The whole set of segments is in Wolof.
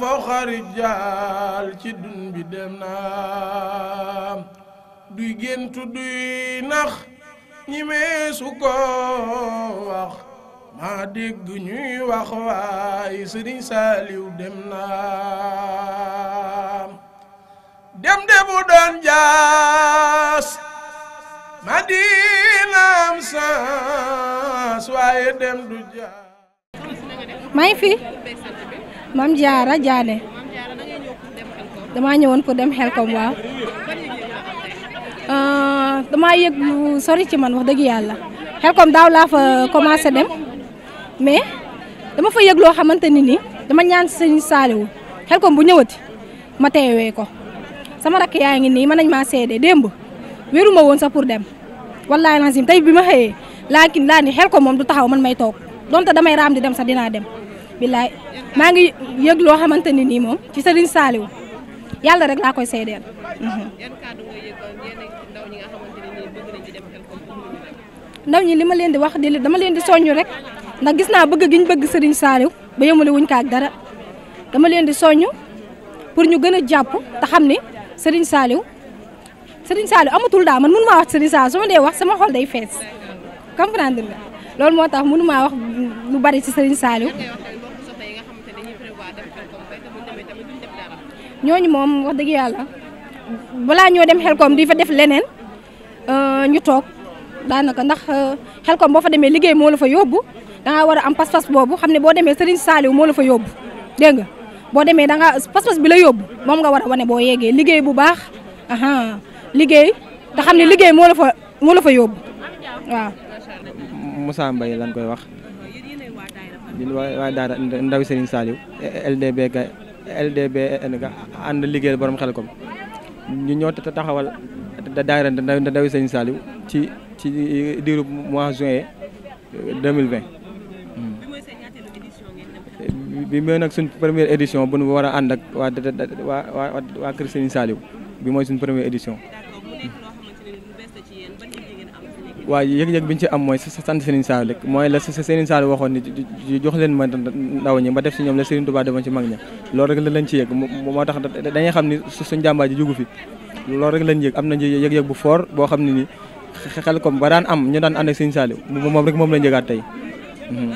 fawqa rijaal ci dun bi dem naa duy géntu duy nax ñi meesu ko wax maa dégg ñuy wax waay sëriñ saaliw dem naa dem de doon jaas madinaam sans waaye dem du jaas maa fi Mame Diarra Diané damaa ñëwoon pour dem Xelkom waaw euh, damaa yëg lu sori ci man wax dëgg yàlla Xelkom daaw laa fa commencé dem mais dama fa yëg loo xamante ni nii dama ñaan sëñ Saaliwu kom bu ñëwati ma teewee ko sama rakk yaa ngi nii mën nañ maa seede démb wéru ma woon sax pour dem wallaahi lazim tey bi ma xëyee laakin laa ni Xelkom moom du taxaw man may toog donte damay raam di dem sax dinaa dem billaay maa ngi yëg loo xamante ni nii moom ci Serigne Saliou yàlla rek laa koy seedeel. Mhm. ndaw ñi li ma leen di wax di dama leen di soññu rek ndax gis naa bëgg gi ñu bëgg sëriñ Saliou ba yemale wuñ kaak dara dama leen di soññu pour ñu gën a jàpp te xam ni sëriñ Saliou sëriñ Saliou amatul daa man mënu maa wax Serigne Saliou su dee wax sama xol day fees comprendre loolu moo tax mënu maa wax lu bari ci Serigne Saliou. ñooñu moom wax dëgg yàlla balaa ñoo dem xelkom di fa def leneen euh, ñu toog daanaka ndax euh, xelkom boo fa demee liggéey moo la fa yóbbu dangaa war a am pas-pas boobu xam ne boo demee Serigne Saliou moo la fa yóbbu dégg nga boo demee dangaa pas-pas bi la yóbbu moom nga war a wane boo yeggee liggéey bu baax aha liggéey te xam ne liggéey moo la fa moo la fa yóbbu waaw. Moussa Mbaye lan koy wax. di waa daara ndaw LDBN ga ànd liggéeyal borom Xelkom ñu ñoo taxawal daayira ndawi Sëñ Saliou ci ci diiru mois juin 2020 hmm. bi mooy nag suñ première édition bu nu war a ànd ak waa waa waa kër Sëñ Saliou bi mooy suñ première édition waaye yëg-yëg bi ñu ci am mooy sant Serigne Sall rek mooy la Serigne Sall waxoon ni jox leen ma ndaw ñi ma def si ñoom la Serigne a defoon ci mag ña loolu rek lañ ci yëg moo tax dañuy xam ni suñ jàmbaar ji jugu fi loolu rek lañ yëg am nañ yëg-yëg bu fort boo xam ne ni xel kom ba daan am ñu daan ànd ak Serigne Sall moom rek moom lañ yëgaat tey hmm.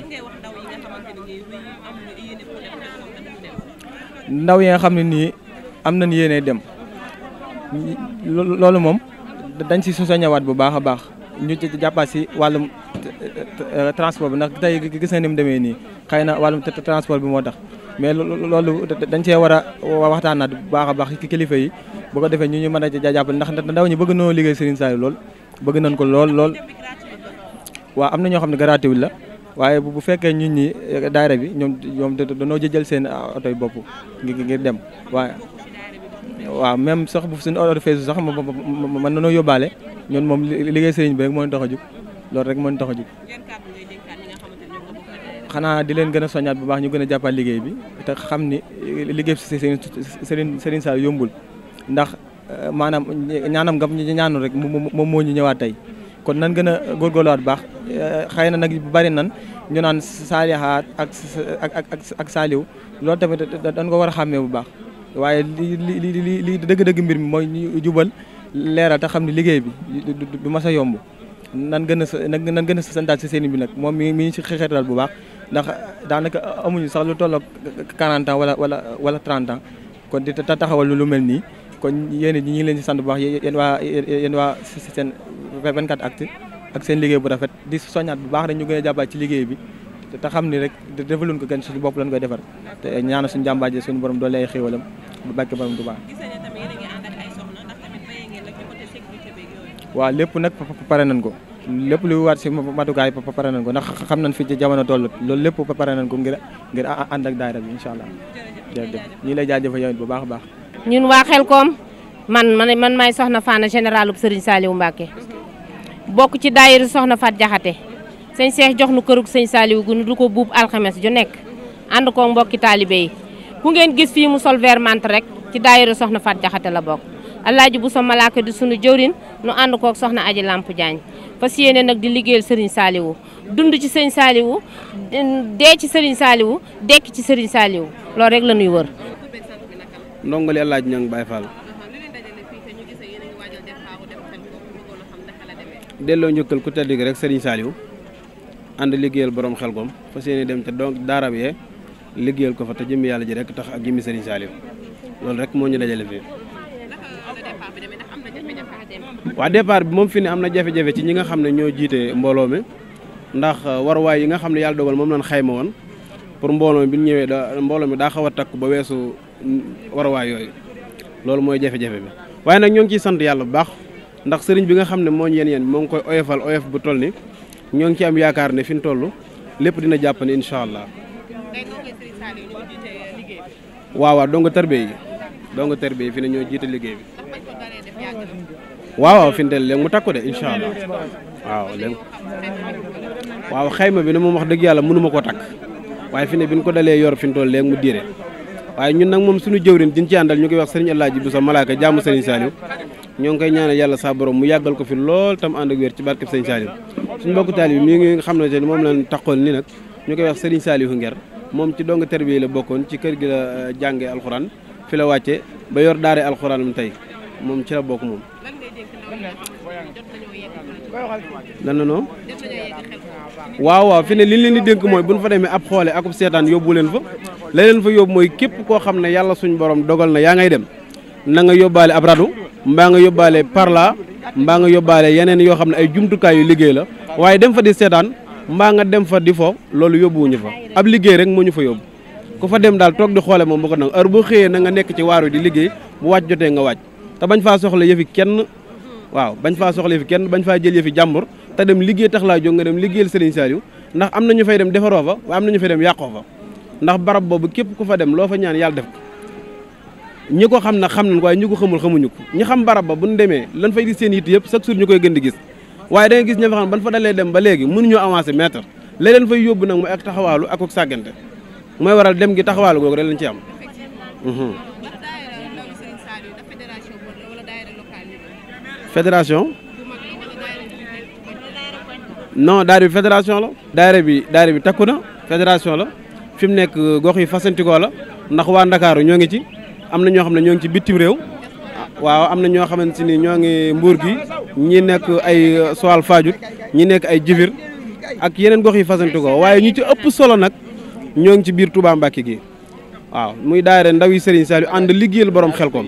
ndaw yi xam ne nii am nañ yéene dem loolu moom dañ si sosañawaat bu baax a baax ñu jàppaat si wàllum euh, euh, transport bi ndax tey gis na ni mu demee nii xëy na wàllum transport bi moo tax mais loolu dañ cee war a waxtaanaat bu baax a baax ci kilifa yi bu ko defee ñu ñu mën a jàppale ndax ndaw ñu bëgg noo liggéey Serigne Saliou lool bëgg nañ ko lool lool waaw am na ñoo xam ne gratuit la waaye bu fekkee ñun ñi daayira bi ñoom ñoom danoo jëjël seen a ah, yi bopp ngir dem waaye waaw même sax bu suñu ordre feesu sax mën nanoo yóbbaale ñun moom liggéey sëriñ bi rek moo ñu tax a jug loolu rek moo xanaa di leen gën a soñaat bu baax ñu gën a jàppal liggéey bi te xam ni liggéey si sëriñ sëriñ saa yombul ndax euh, maanaam ñaanam nga ñaanul rek moom moo ñu ñëwaat tey kon nan gën a góorgóorluwaat baax euh, xëy na nag bu bari nan ñu naan saalihaat ak ak ak ak saaliw loolu tamit dañ ko war a xàmmee bu baax waaye li li li li dëgg-dëgg mbir mi mooy ñu jubal leeral te xam ne liggéey bi du mas a yomb nan gën a sa nan gën a santaat si seen bi nag moom mi mi ngi si xeexeetal bu baax ndax daanaka amuñu sax lu tolloog 40 ans wala wala wala 30 ans kon di taxawal lu mel nii kon yéen ñi ngi leen si sant bu baax yéen waa yéen waa seen 24actu ak seen liggéey bu rafet di soñaat bu baax rek ñu gën a jàppaat ci liggéey bi te xam ni rek defaluñ ko kenn suñu bopp lañ koy defar te ñaana suñu jàmbaaje suñu borom doole ay xéewalam barke borom Tuubaa waaw lépp nag pare nañ ko lépp lu waat si matukaay pare nañ ko ndax xam nañ fi ci jamono toll loolu lépp pare nañ ko ngir ngir ànd ak daayira bi incha allah jërëjëf ñii lay jaajëfal bu baax a baax ñun waa Xelkom man man man maay soxna Fana général ub Serigne Saliou bokk ci daayiru soxna Fat Jaxate sëñ Seex jox nu kërug sëñ Saliou gu nu du ko buub alxames ju nekk ànd ko mbokki taalibe yi ku ngeen gis fii mu sol vert rek ci daayira soxna Fat Jaxate la bokk alaaji bu sa malaaka di sunu jëwrin nu ànd kook soxna aji lamp Diagne fas yéene nag di liggéeyal Serigne Saliou dund ci Serigne Saliou dee ci Serigne Saliou dekk ci Serigne Saliou loolu rek la ñuy wër. ndongali alaaji ñang Baye Fall. delloo njëkkal ku tedd rek Serigne Saliou ànd liggéeyal borom xel koom fas yéene dem donc daara bi liggéeyal ko fa te jëmmi yàlla ji rek tax ak jëmmi Serigne Saliou loolu rek moo ñu dajale fii. waa départ bi moom fi ne am na jafe-jafe ci ñi nga xam ne ñoo jiite mbooloo mi ndax euh, waruwaay yi nga xam ne yàlla dogal moom lañ xayma woon pour mbooloo mi bi ñu ñëwee da mbooloo mi daa xaw a takk ba weesu mm, waruwaay yooyu loolu mooy jafe-jafe bi waaye nag ñoo ngi ciy sant yàlla bu baax ndax sëriñ bi nga xam ne moo ñu yéen yéen moo ngi koy oyofal oyof bu toll ni ñoo ngi ci am yaakaar ne fi mu toll lépp dina jàpp incha allah. waaw waaw donc yi donc tarbe yi fi ne ñoo jiite liggéey bi. waaw waaw fi mu léegi mu takku de incha allah waaw léegi waaw xayma bi ne moom wax dëgg yàlla mënu koo takk waaye fi ne bi ñu ko dalee yor fi mu toll léegi mu diire waaye ñun nag moom suñu jëwrin diñ ci àndal ñu koy wax sëriñ Alaaji bu sa malaaka jaamu sëriñ Saliou ñoo ngi koy ñaanal yàlla sa borom mu yàggal ko fi lool tam ànd ak wér ci barkeb sëriñ Saliou suñu mbokku taalibe bi mi ngi nga xam ne moom lañ taxoon ni nag ñu koy wax sëriñ Saliou Nguer moom ci dong tarbiya la bokkoon ci kër gi la euh, jàngee alxuraan fi la wàcce ba yor daare alxuraan mu tey moom ci la bokk moom. lan la noo waaw waaw fi ne li leen di dénk mooy bu nu fa demee ab xoole akub seetaan yóbbu leen fa la leen fa yóbbu mooy képp koo xam ne yàlla suñ borom dogal na yaa ngay dem na nga yóbbaale ab radu mbaa nga yóbbaale parla mbaa nga yóbbaale yeneen yoo xam ne ay jumtukaay yu liggéey la waaye dem fa di seetaan. mbaa nga dem fa di fo loolu yóbbuwuñu fa ab liggéey rek moo ñu fa yóbbu ku fa dem daal toog di xoole moom bu ko nag heure boo xëyee na nga nekk ci waaru di liggéey bu wàcc jotee nga wàcc te bañ faa soxla yëfi kenn waaw bañ faa soxla yëfi kenn bañ faa jël yëfi jàmbur te dem liggéey tax laa jóg nga dem liggéeyal Serigne Saliou ndax am na ñu fay dem defaroo fa waaye am na ñu fay dem yàqoo fa ndax barab boobu képp ku fa dem loo fa ñaan yàlla def ñi ko xam na xam nañ waaye ñi ko xamul xamuñu ko ñi xam barab ba buñ demee lan fay di seen yitt yëpp chaque jour ñu koy gën di gis waaye da gis ña fa xam ban fa dalee dem ba léegi mënuñoo avancé mètre la leen fay yóbbu nag mooy ak taxawaalu ak ak sàggante mooy waral dem gi taxawaalu googu rek lañ ci am. Mhm. fédération. non daayira bi fédération la. daayira bi daayira bi takku na fédération la fi mu nekk gox yi fasantikoo la ndax waa Ndakaaru ñoo ngi ci am na ñoo xam ne ñoo ngi ci bitim réew ah, waaw am na ñoo xamante ni ñoo ngi mbuur gi ñi nekk ay Soal Fadiouth ñi nekk ay Jifir ak yeneen gox yi fasanti ko waaye ñu ci ëpp solo nag ñoo ngi ci biir Touba Mbacké gi waaw muy daayira ndaw yi Serigne Saliou ànd liggéeyal borom Xelkom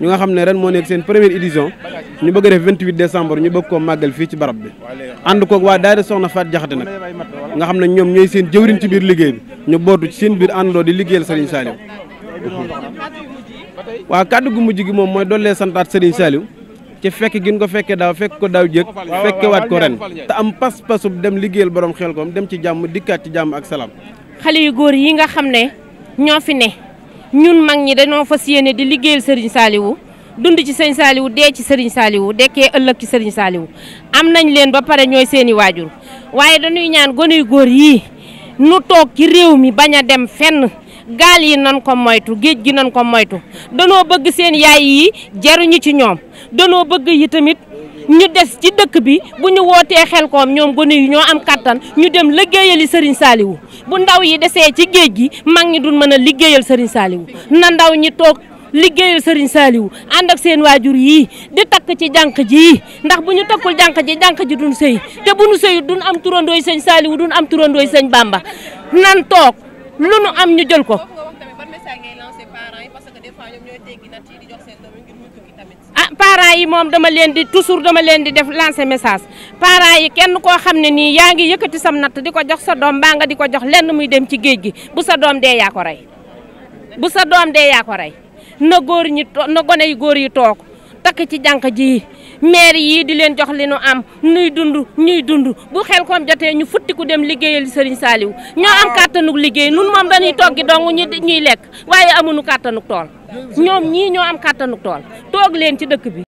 ñu nga xam ne ren moo nekk seen première édition ñu bëgg a def 28 décembre ñu bëgg koo màggal fii ci barab bi ànd koog waa daayira soxna Faat Jaxate nag nga xam ne ñoom ñooy seen jëwriñ ci biir liggéey bi ñu bootu ci seen biir àndandoo di liggéeyal Serigne Saliou waa kàddu gu mujj gi moom mooy dollee santaat Serigne Saliou ci fekk gin ko fekkee daaw fekk ko daaw jëkk fekkewaat ko ren te am pas-pasub dem liggéeyal borom xel koom dem ci jàmm dikkaat ci jàmm ak salaam xale yu góor yi nga xam ne ñoo fi ne ñun mag ñi dañoo fas yéene di liggéeyal sëriñ Saliou dund ci sëriñ saaliwu dee ci sëriñ Saliou dekkee ëllëg ci sëriñ Saliou am nañ leen ba pare ñooy seeni waajur waaye dañuy ñaan gone yu góor yi nu toog ci réew mi bañ a dem fenn gaal yi nan ko moytu géej gi nan ko moytu danoo bëgg seen yaay yi jaruñu ci ñoom danoo bëgg yi tamit ñu des ci dëkk bi bu ñu wootee xel xelkoom ñoom gone yi ñoo am kattan ñu dem liggéeyali Serigne Saliou bu ndaw yi desee ci géej gi mag ñi duñ mën a liggéeyal Serigne Saliou na ndaw ñi toog liggéeyal Serigne Saliou ànd ak seen waajur yii di takk ci jànq ji ndax bu ñu takkul jànq ji jànq ji duñ sëy te bu ñu sëyut duñ am turandooy sëñ Saliou duñ am turandooy sëñ Bamba nan toog lu nu am ñu jël ko ah parents yi moom dama leen di toujours dama leen di def lancer message parents yi kenn koo xam ne nii yaa ngi yëkkati sam natt di ko jox sa doom mbaa nga di ko jox lenn muy dem ci géej gi bu sa doom dee yaa rey bu sa doom dee yaako rey na góor ñi na gone yu góor yi toog takk ci jànq ji maire yii di leen jox li nu am nuy dund ñuy dund bu xel koom jotee ñu futti futtiku dem liggéeyal Serigne Saliou ñoo am kàttanuk liggéey nun moom dañuy toggi dong ñu ñuy lekk waaye amuñu kàttanuk tool ñoom ñii ñoo am kàttanuk tool toog leen ci dëkk bi